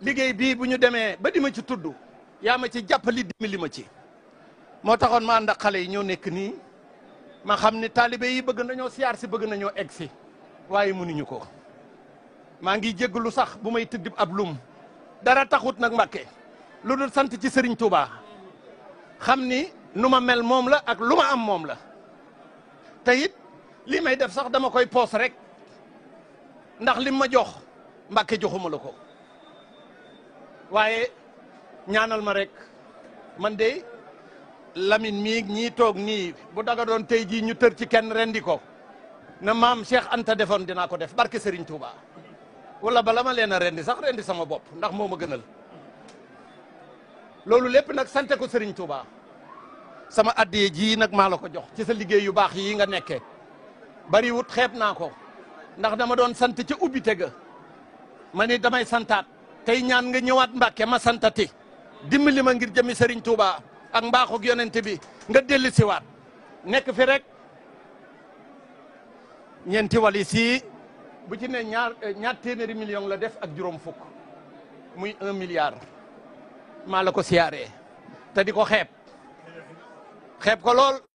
liggéey bii bu ñu demee ba di ma ci tudd yaa ma ci jàppali dimbali ma ci moo taxoon ma ànd ak xale yi ñoo nekk nii ma xam ne taalibe yi bëgg nañoo siyaar si bëgg nañoo egg si waaye mënuñu ko maa ngi jégalu sax bu may tëddib ab lum dara taxut nag mbake lu dul sant ci Sëriñ Tuubaa xam ni nu ma mel moom la ak lu ma am moom la te it li may def sax dama koy poos rek ndax lim ma jox mbake joxuma la ko waaye ñaanal ma rek man de Lamine mii ñii toog nii bu daga doon tey jii ñu tër ci kenn rendi ko na maam Cheikh Anta defoon dinaa ko def barke Serigne Touba wala bala ma leen a rendi sax rendi sama bopp ndax moo ma gënal loolu lépp nag sante ko sëriñ Touba sama addee jii nag maa la ko jox ci sa liggéey yu baax yii nga nekke bari wut xeeb naa ko ndax dama doon sant ca ubbite ga ma ni damay santaat. tey ñaan nga ñëwaat Mbàkke ma santati dimbali ma ngir jëmi Serigne Touba ak mbaaxug yonente bi nga dellu waat nekk fi rek ñeenti walis si bu ci ne ñaar eh, million la def ak juróom fukk muy un milliard maa la ko siyaaree te di ko xeeb xeeb ko lool